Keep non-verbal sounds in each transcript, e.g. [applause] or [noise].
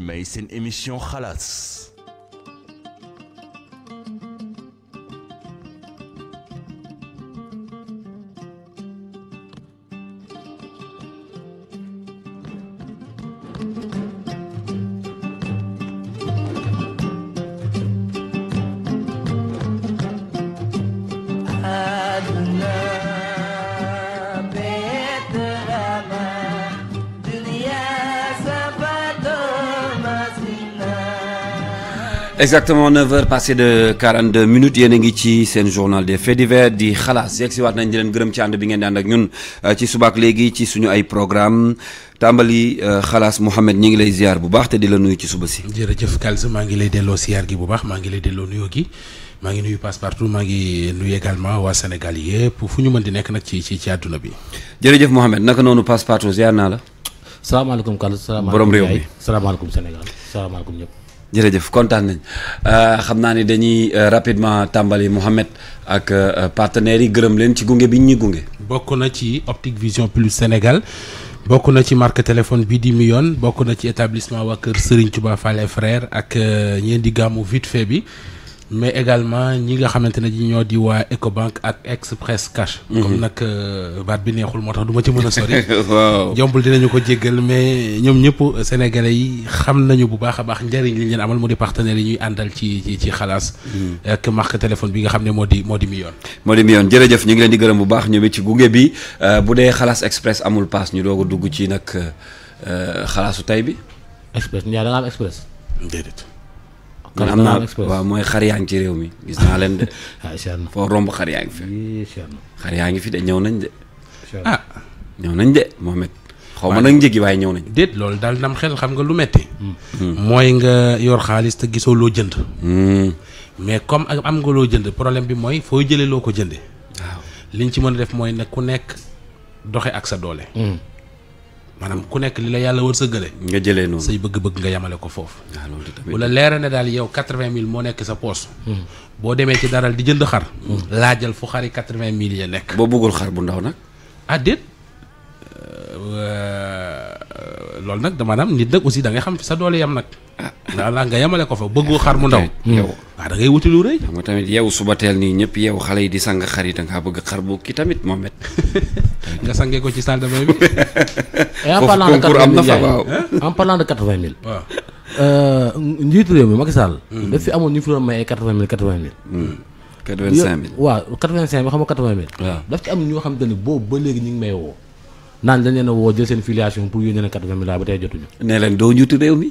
may seen émission xalaat exactement 9h passé de 42 minutes yene ngi ci sen journal des faits divers di khalas yegg si waat nañ di len gërem ci and bi ngeen di ànd ak ñun euh, ci subak léegi ci suñu ay programme tambali khalas euh, mohammed ñi ngi lay ziar bu baax te di la nuyu ci suba ci jere jërëjëf Kalsa ma ngi lay delloo ziar gi bu baax ma ngi lay delloo nuyu gi ma ngi nuyu passe partout ma ngi nuyu également wa Sénégal yëpp fu ñu mën di nek nak ci ci ci aduna bi. jere jërëjëf mohammed naka nonu passe partout ziar na la. salam alaykum salaamaaleykum salam borom réew mi salaamaaleykum Sénégal alaykum ñep jërëjëf kontaan nañ euh, xam naa ni dañuy euh, rapidement tàmbali Mouhamed ak euh, partenaires yi gërëm leen ci gunge bi ñuy gunge. bokk na ci Optique Vision Plus Sénégal bokk na ci marque téléphone bii di Mion bokk na ci établissement waa kër Serigne Touba Fall et frère ak ñeen di gàmmu vit fait bi. mais également ñi nga xamante ne ñi ñoo di waa Ecobank ak Express Cash. Mhm. comme nag euh, baat bi neexul moo tax duma ci mën a sori. [laughs] waaw jombul dinañu ko jéggal mais ñoom ñëpp sénégalais yi xam nañu bu baax a baax njëriñ li leen amal mu di partenaires yi ñuy àndal ci ci ci xalaas. Mhm. ak marque bi nga xam ne moo di moo di million. moo di jërëjëf ñu ngi leen di gërëm bu baax ñoom it ci gunge bi euh, bu dee xalaas express amul paas ñu doog dugg ci nag euh, xalaasu tay bi. express ñaar da am express. kon am naa waaw mooy xar yaa ngi ci réew mi gis naa leen de. [laughs] Ah, foo romb xar yaa ngi fi. xar yaa ngi fi de ñëw nañ de. ah ñëw nañ de moo Mohamed. xaw ma nag njëgi waaye ñëw nañ. déet loolu daal ndam xel xam nga lu metti hmm. Hmm. mooy nga yor xaalis te gisoo loo jënd. Hmm. mais comme am nga loo jënd problème bi mooy foo jëlee loo ko jënde waaw liñ ci mën a def mooy ne ku nekk doxe ak sa doole. maanaam ku nekk li la yàlla war sa gële nga jëlee noonu say bëgg-bëgg nga yamale ko foofu ah, bu la leera ne daal yow quatre-vingt mille moo nekk sa poos hmm. boo demee ci daral di jënd xar hmm. laajal fu xari quatre-vingt mille ya nekk boo bëggul xar bu ndaw nag ah euh, loolu nag da maanaam nit nag aussi da ngay xam sa doole yam nag ah. nga yamale ko fa bëggoo xar mu ndaw ah, waaw da ngay wuti lu rëy. xam nga tamit yow suba teel nii ñëpp yow xale yi di sang xar yi da ngaa bëgg xar bu kii tamit moom it. [laughs] nga sangee ko ci salle de bain bi. [laughs] foofu concours am na fa waaw quatre vingt mille waaw [laughs] euh, hmm. ñu fi doon may ay quatre vingt mille quatre vingt mille. quatre vingt cinq mille waaw quatre vingt cinq mille xam ñoo xam te ne boobu ba ñu ngi may woo. naan dañ leen a woo jël seen filiation pour yónnee leen quatre vingt mille ba tey jotuñu. ne leen doo njiitu réew mi.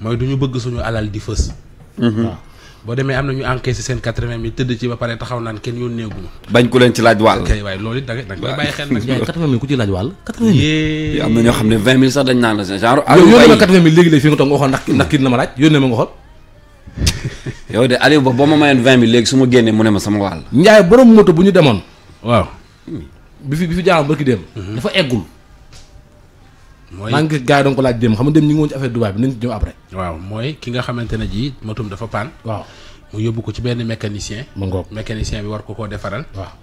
mooy du ñu bëgg suñu alal di fës. Mhm. waaw boo demee am na ñu encaissé seen quatre-vingt mille tëdd ci ba pare taxaw naan kenn yónneegu ma. bañ ku leen ci laaj wàll. kay waaye loolu it da nga koy bàyyi xel nag. jaay quatre-vingt mille ku ci laaj wàll. quatre-vingt mille am na ñoo xam ne vingt mille sax dañ naan la genre. Aliou Ba yónnee ma quatre-vingt mille fi nga toog nga xool ndax na ma laaj yónnee ma nga [laughs] yow de Aliou Ba boo ma mayoon vingt mille léegi su ma mu ne sama wàll. Ndiaye borom moto bu ñu waaw bi fi bi fi jaaroon barki dem mhm. dafa eggul mooy maa ngi gis gars yi doon ko laaj dem xam nga dem ñu ngi woon ci affaire Dubaay bi nañ ci ñëw après. waaw mooy ki nga xamante ne jii motum dafa paan. waaw mu yóbbu ko ci benn mécanicien. mu ngoog mécanicien bi war ko koo defaral. waaw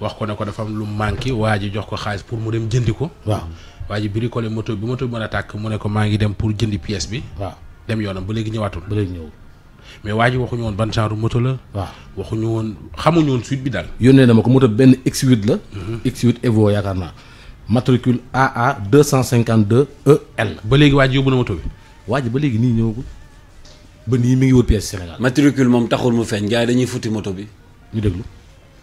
wax ko ne ko dafa am lu manqué waa ji jox ko xaalis pour mu dem jëndi ko. waaw waa ji bricolé moto bi moto bi mën a tàkk mu ne ko maa ngi dem pour jëndi pièce bi. waaw dem yoonam ba léegi ñëwaatul. ba léegi ñëwul mais waa ji waxuñu woon ban genre moto la. waaw waxuñu woon xamuñu woon suite bi daal. yónnee na ma ko moto benn X8 la. Mhm. X8 Evo yaakaar naa matricule AA 252 EL. ba léegi moto bi. ba léegi nii ñëwagul ba nii mi ngi Sénégal. matricule mom taxul mu feñ gars dañuy futti moto bi ñu déglu.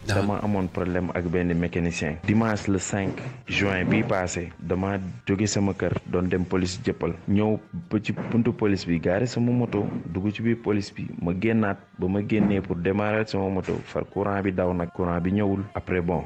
dama amone problème ak ben mécanicien dimanche le 5 juin bi passé dama jóge sama kër don dem police jëppal ñëw ba ci buntu police bi garé sama moto dugg ci bi police bi ma génnaat ba ma génnee pour démarrer sama moto far courant bi daw nak courant bi ñewul après bon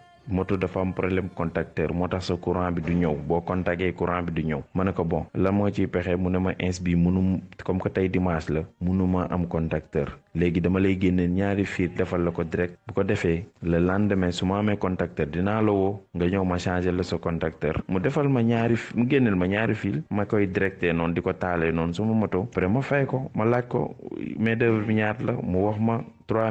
moto dafa am problème contacteur moo tax sa courant bi du ñëw boo contacté courant bi du ñëw ma ne ko bon la moo ciy pexe mu ne ma ins bi munu comme que tey dimanche la munuma am contacteur léegi dama lay génne ñaari fiir defal la ko direct bu ko defee le lendemain su ma amee contacteur dinaa la woo nga ñëw ma changer la sa contacteur mu defal ma ñaari mu génneel ma ñaari fil ma koy directé noonu di ko taalee noonu suma moto pare ma fay ko ma laaj ko main d'œuvre bi ñaata la mu wax ma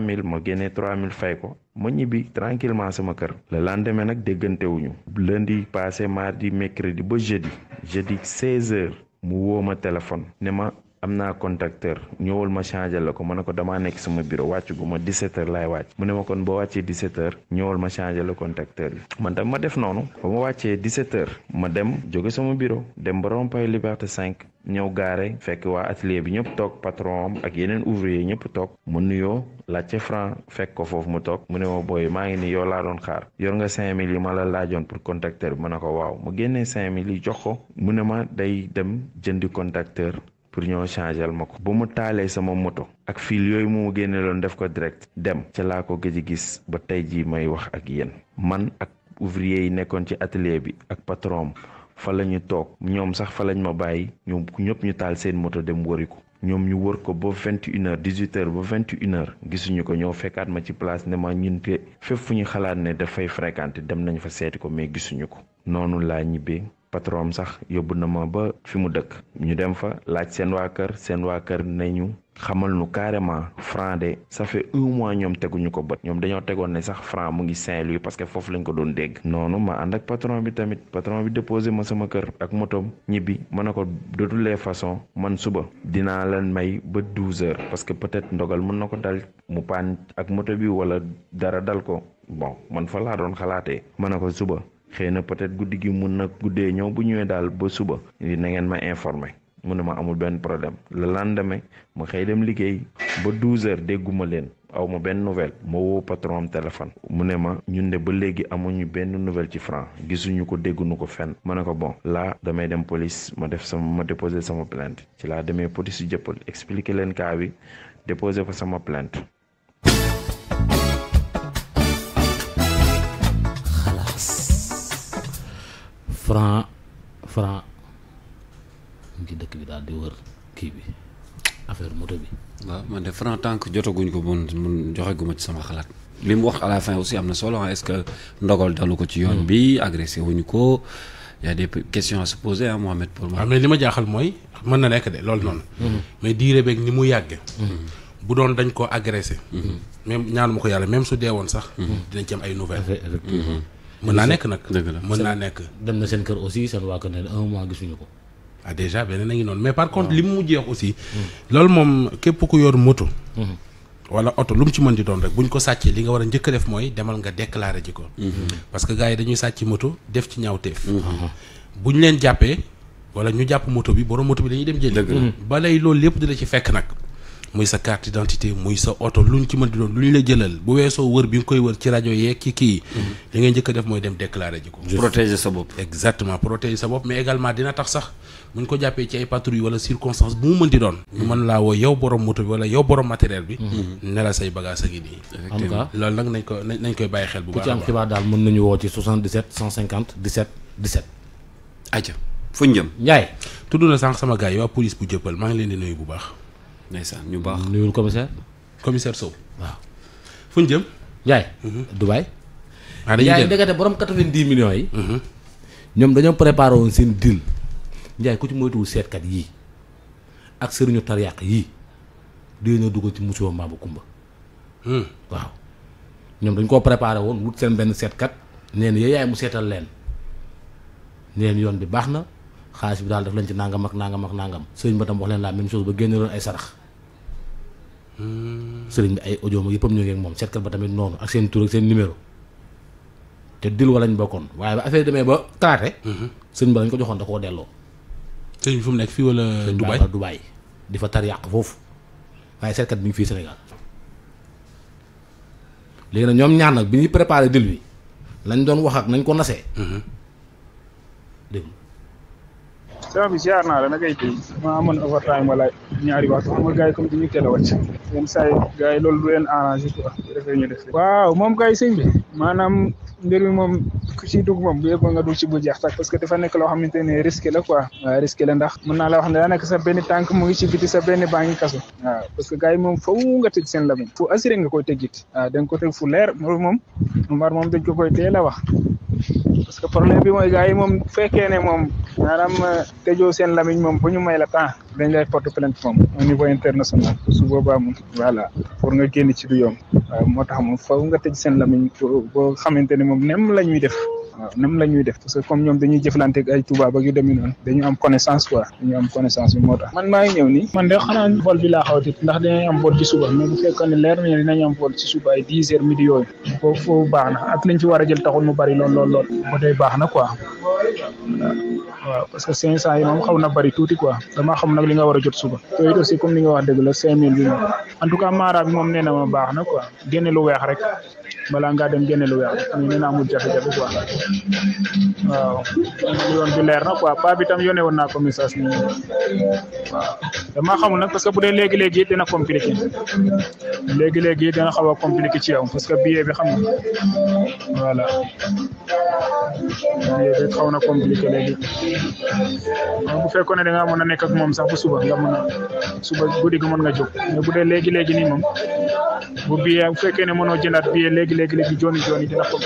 mille ma génnee mille fay ko ma ñibbi tranquillement sama kër le lendemain nag déggante wuñu lundi passé mardi mercredi ba jeudi jeudi 16 heures mu woo ma téléphone ne ma am naa contacteur ñëwal ma changé la ko ma ne ko damaa nekk sama bureau wàcc gu ma 17 heures laay wàcc mu ne ma kon boo wàccee 17 heures ñëwal ma changé la contacteur bi man tam ma def noonu ba ma 17 heures ma dem jóge sama bureau dem ba rompay liberté 5 ñëw gaare fekk waa atelier bi ñëpp toog patron ak yeneen ouvrier ñëpp toog mu nuyoo laajte franc fekk ko foofu mu toog mu ne ma booy maa ngi ni doon xaar yor nga 5000 yi pour contacteur ne ko mu 5000 jox ko mu ne ma day dem jëndi contacteur pour ñoo changel ma ko ba mu taalee sama moto ak fil yooyu mu génne loon def ko direct dem ca laa ko gëj gis ba tey jii may wax ak yéen man ak ouvrier yi nekkoon ci atelier bi ak patron fa la ñu toog ñoom sax fa lañ ma bàyyi ñoom ñëpp ñu taal seen moto dem wari ko ñoom ñu wër ko ba vingt une heure dix huit ba vingt une heure gisuñu ko ñoo fekkaat ma ci place ne ma ñun te fépp fu ñu xalaat ne dafay fréquenté dem nañu fa seeti ko mais gisuñu ko noonu laa ñibbee patron sax yóbbu na ma ba fi mu dëkk ñu dem fa laaj seen waa kër seen waa kër nañu xamal nu carrément franc de ça fait un mois ñoom teguñu ko bët ñoom dañoo tegoon ne sax franc mu ngi Saint-Louis parce que foofu lañ ko doon dégg noonu ma ànd ak patron bi tamit patron bi déposé ma sama kër ak motom ñibbi ma ne ko de toutes les man suba dinaa leen may ba douze heures parce que peut-être ndogal mën na ko dal mu paan ak moto bi wala dara dal ko bon man fa laa doon xalaatee ma ne ko suba xëy na peut-être guddi gi mun na guddee ñëw bu ñëwee daal ba suba na ngeen ma informer mu ne ma amul benn problème le lendemain ma xëy dem liggéey ba douze heures dégguma leen aw ma benn nouvelle ma woo patron am téléphone mu ne ma ñun de ba léegi amuñu benn nouvelle ci franc gisuñu ko dégguñu ko fenn ma ne ko bon laa damay dem police ma def sama ma sama plainte ci laa demee police yu jëppal expliquer leen cas bi déposer ko sama plainte franc franc mu ngi dëkk bi daal di wër kii bi affaire moto bi. waaw man de franc tant que jotaguñ ko bon mun joxe ma ci sama xalaat. li mu wax à la fin aussi am na solo hein. est-ce que ndogal dalu ko ci yoon hmm. bi agressé wuñu ko y a des questions à se poser à hein, Mohamed pour moi. Ah, mais li ma jaaxal mooy mën na nekk de lol non. Hmm. mais dire bek ni mu yàgg. Hmm. bu doon dañ ko agressé. même ñaanu ma ko même su dee woon sax. dinañ ci am ay nouvelles. mën naa nekk nag. dëgg mën naa nekk. dem na seen kër aussi seen waa kër ne un mois gisuñu ko. ah déjà beneen a ngi noonu mais par contre li mu mujjee wax aussi. Hmm. loolu moom képp ku yor moto. Hmm. wala oto lu mu ci mën di doon rek bu ñu ko sàccee li nga war a njëkk a def mooy demal nga déclarer ji ko. Hmm. parce que gars yi dañuy sàcc moto def ci ñaawteef. Ah, ah. bu ñu leen jàppee wala ñu jàpp moto bi borom moto bi dañuy dem jëli. balay loolu lépp dina ci fekk nag. muy sa carte d'identité muy sa oto ñu ci mën di doon lu ñu la jëlal bu weesoo wër bi nga koy wër ci rajo yeeg ci kii mhm. li ngay njëkk a def mooy dem déclarer ji ko protéger sa bopp exactement protéger sa bopp mais également dina tax sax buñ ko jàppee ci ay patrouille wala circonstance bu mu mën di doon ñu mën laa borom moto wala yow borom matériel bi mhm. ne la say bagage a ngi nii loolu nag nañ ko nañ koy bàyyi xel bu baax ku ci am xibaar daal mën nañu woo ci 77 150 17 17 aja fuñ jëm Ndiaye tudd na sànq sama gars yi waa police bu jëppal maa ngi leen di nuyu bu baax ndeysaan ñu baax nuyul commissaire. commissaire Sow waaw. fu ñu jëm. Ndiaye. Mhm. Dubaay. Ah, waaw dañuy jël Ndiaye borom 90 millions yi. Mhm. ñoom dañoo préparé woon seen deal. Ndiaye ku ci moytuwul seetkat yii ak sëriñu tariyàq yii di ñoo dugg ci musiba mbaa bu kumba. Hmm. waaw ñoom dañ koo préparé woon wut seen benn seetkat. neen yooyu yaay mu seetal leen neen yoon bi baax na xaalis bi daal daf leen ci nangam ak nangam ak nangam sëriñ ba tam wax leen la même chose ba génne loon ay sarax. sëriñ bi ay audio ma ñoo ngi ak moom cercle ba tamit noonu ak seen tur ak seen numéro te dil wala ñu bokkoon waaye ba affaire demee ba kalaate mhm. sëriñ ba lañ ko joxoon da koo delloo sëriñ bi fu mu nekk fii wala Dubaay Dubaay di fa tar yàq foofu waaye cercle bi ñu fii Sénégal léegi nag ñoom ñaan nag bi ñuy préparé dil bi lañ doon wax ak nañ ko nasee mhm. sama bi ziar naa la nag ay tey ma amoon overtime wala ñaari waxtu xam nga gars yi comme dañuy teel a wàcc yenn saa yi gars yi loolu du leen bi maanaam mbir mi moom ku ci dugg moom bu yëpp nga dugg ci bu jeex tak parce que dafa nekk loo xamante ne risqué la quoi waaw risqué la ndax mën naa la wax ne daa nekk sa benn tànk mu ngi ci biti sa benn baa ngi kaso waaw parce que gars yi moom faw nga tëj seen lamiñ fu assuré nga koy tëjit waaw da ko teg fu leer moom moom Omar moom dañ ko koy teel wax parce que problème bi mooy gars yi moom fekkee ne moom maanaam euh, tëjoo seen lamiñ moom bu ñu may la temps dañ lay porte plainte moom au niveau international su boobaa moom voilà pour nga génn ci du yomb moo tax moom faw nga tej seen lamiñ boo xamante ne moom nem la ñuy def waaw nam ñuy def parce que comme dañuy jëflante ay tubaab ak yu dañu am connaissance quoi dañu am connaissance bi moo tax man maa ñëw nii man de xanaa vol bi laa xawtit ndax dinañ am ne leer nañu dinañ am vol ci suba ay dix heures midi yooyu foofu baax na ak liñ ci war a jël taxul mu bari lool lool lool ba tey baax na quoi waaw parce que cinq cent yi moom xaw na bari tuuti quoi damaa xam nag li nga war a jot suba te it aussi comme ni nga wax dëgg la cinq mille bi moom en tout cas maara bi moom na ma baax weex rek balaa ngaa dem génne lu weex ñu ne na amul jafe-jafe quoi waaw bi leer na quoi paa bi tam yónnee woon naa ko message ni waaw dama xamul nag parce que bu dee léegi-léegi dina compliqué léegi-léegi dina xaw a compliqué ci yow parce que billet bi xam nga voilà billet xaw na compliqué léegi bu fekkoon ne da ngaa mën a nekk ak moom sax bu suba nga mën a suba guddi gi mën nga jóg mais bu dee léegi-léegi nii moom bu billet bu fekkee ne mënoo jëndaat billet léegi léegi léegi jooni jooni dina ko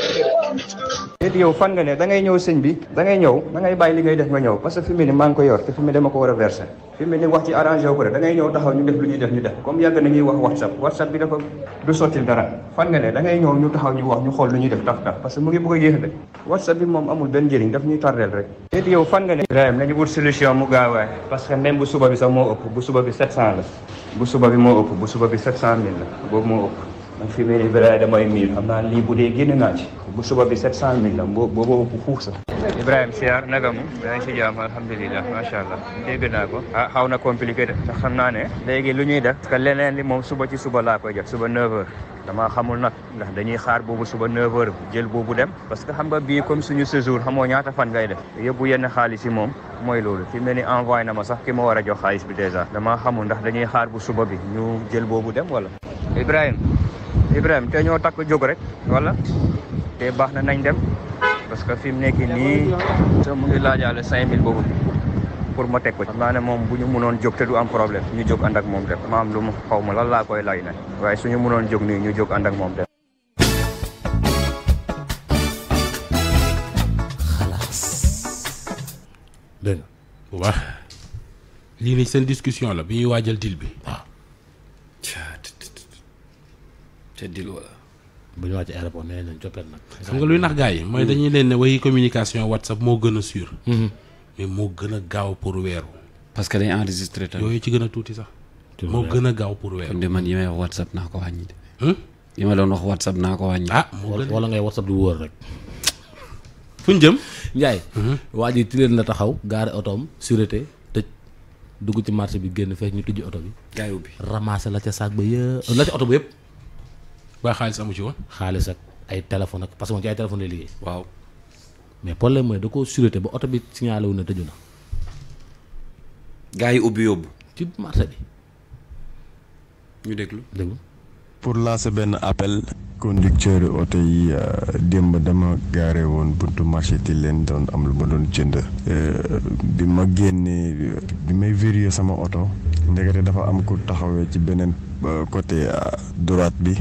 déet yow fan nga ne da ñëw sëñ bi da ngay ñëw da ngay bàyyi li ngay def nga ñëw parce que fi mu ne maa ngi ko yor te fi mu dama ko war a verser fi mu wax ci arrangé wu ko rek da ngay ñëw taxaw ñu def lu ñuy def ñu def comme yàgg nañuy wax whatsapp whatsapp bi dafa du sottil dara fan nga ne da ngay ñëw ñu taxaw ñu wax ñu xool lu ñu def taf taf parce que mu ngi bëgg ñuy tardeel yow fan nga ne Ibrahima nañu mu gaawaay parce que même bu suba bi sax moo la bu suba bi moo ëpp bu suba bi sept cent mille la boobu moo ëpp man fi mu ne nii damay mille xam naa lii bu dee génn naa bu suba bi sept cent mille la boobu ëpp fuuf sax Ibrahima siyaar naka mu danañ si jaam alhamdulilah macha allah dégg naa ko ah xaw na compliqué de tax xam naa ne léegi lu ñuy de parce que leneen li moom suba ci suba laa koy jot suba 9h damaa xamul nag ndax dañuy xaar boobu suba 9h jël boobu dem parce que xam nga bii comme suñu séjour xamoo ñaata fan gay def yóbbu yenn xaalis yi moom mooy loolu fi mu ne ni envoyé na ma sax ki ma war a jox xaalis bi dèjà damaa xamul ndax dañuy xaar bu suba bi ñu jël boobu dem wala Ibrahima Ibrahima te ñoo takk jóg rek wala te baax na nañ dem parce que fi mu nekk nii te mu ngi laajaale cinq mille boobu pour ma teg ko ci. ne moom bu ñu mënoon jóg te du am problème ñu jóg ànd ak moom dem ma am lu ma lan laa koy laaj nag waaye suñu mënoon jóg nii ñu jóg ànd ak moom dem. dégg nga bu lii seen discussion la bi ñuy waajal dil bi. te dil wala. bu ñu wàcc aéroport nee nañ coppet nag. xam nga luy nax gars yi mooy dañuy leen ne way communication whatsapp moo gën a sûr. Mm-hmm. mais moo gën a gaaw pour weeru. parce que dañ enregistré yooyu ci gën a tuuti sax. moo gën a gaaw pour weeru. kon de man yi may wax whatsapp naa ko wàññi hmm? yi ma doon wax whatsapp naa ko wàññi. ah wala ngay whatsapp di wóor rek. fu jëm. Ndiaye. Hmm? waa ji tileen la taxaw gaare otoom sûreté tëj dugg ci marché bi génn fekk ñu tijji oto bi. gaay bi ramassé la ca saag ba yëpp la ca oto ba yëpp. waaye xaalis amu ci woon. xaalis ak ay téléphone ak parce que moom ci ay téléphone lay liggéey. waaw mais problème mooy da koo suréte ba oto bi signalé wu tëju na. gaa yi ubbi yóbbu. ci marché bi. ñu déglu déglu. pour lancer benn appel. conducteur oto yi euh, démb dama gaare woon buntu marché ti leen doon am lu ma doon jënd euh, bi ma génnee bi may vérifier sama oto ndekete dafa am ku taxawee ci beneen euh, côté droite bi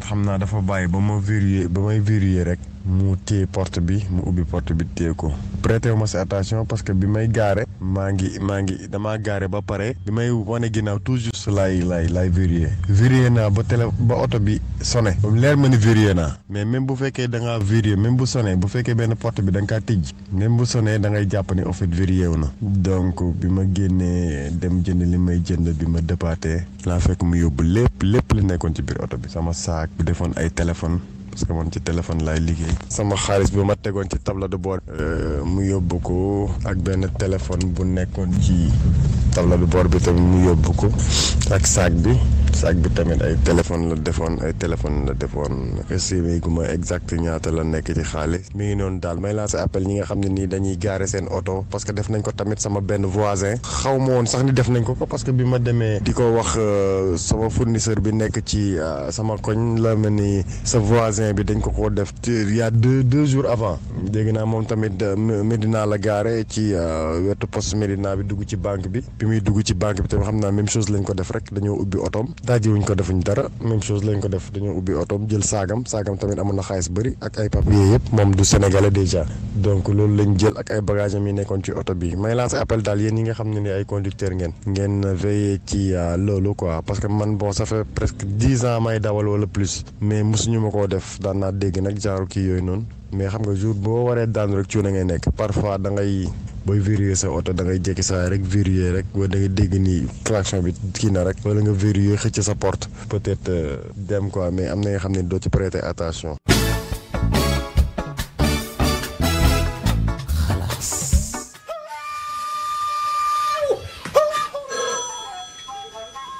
xam naa dafa bàyyi ba ma vérifier ba may vérifier rek mu téye porte bi mu ubbi porte bi téye ko prêté ma si attention que bi may gaare maa ngi maa ngi damaa gaare ba pare bi may wane ginnaaw toujours laay laay laay vérifier vérifier naa ba télé ba oto bi sonné ma ni naa mais même bu fekkee da ngaa verrouillé même bu sonee bu fekkee benn port bi da nga kaa tijj même bu sonee da jàpp ni au fait verrouillé na. donc bi ma génnee dem jënd li may jënd bi ma dëppaatee laa fekk mu yóbbu lépp lépp li nekkoon ci biir oto bi sama saak bu defoon ay téléphone parce que man ci téléphone laay liggéey sama xaalis bi ma tegoon ci table de bord euh, mu yóbbu ko ak benn téléphone bu nekkoon ci table de bord bi tamit mu yóbbu ko ak saak bi. saak bi tamit ay téléphone la defoon ay téléphone la defoon estimé gu ma exact ñaata la nekk ci xaalis mi ngi noonu daal may lancé appel ñi nga xam ne nii dañuy gaare seen oto parce que def nañ ko tamit sama benn voisin xaw ma woon sax ni def nañ ko ko parce que bi ma demee di ko wax euh, sama fournisseur bi nekk ci euh, sama koñ la mel ni sa voisin bi dañ ko ko def il y a deux deux jours avant dégg naa moom tamit euh, Medina la gaare ci wetu poste Medina bi dugg ci banque bi bi muy dugg ci banque bi tamit xam naa même chose lañ ko def rek dañoo ubbi otoom daajiwuñ ko defuñ dara même chose lañ ko def dañoo ubbi otoom jël saagam saagam tamit amoon na xaalis bëri ak ay papiers yëpp moom du sénégalais déjà donc loolu lañ jël ak ay bagages am yi nekkoon ci oto bi may lancer appel daal yéen ñi nga xam ne ni ay conducteur ngeen ngeen veiller ci euh, loolu quoi parce que man boo sa fait presque dix ans may dawal wala plus mais mosuñu ma koo def daanaa dégg nag jaaro kii yooyu noonu mais xam nga jour boo waree daanu rek cuune ngay nekk parfois da ngay booy verrouiller sa oto da ngay jékki saa rek verrouiller rek wala da ngay dégg ni klaxon bi kii na rek wala nga verrouiller xëcc sa porte peut-être euh, dem quoi mais am na nga xam ne doo ci prêter attention.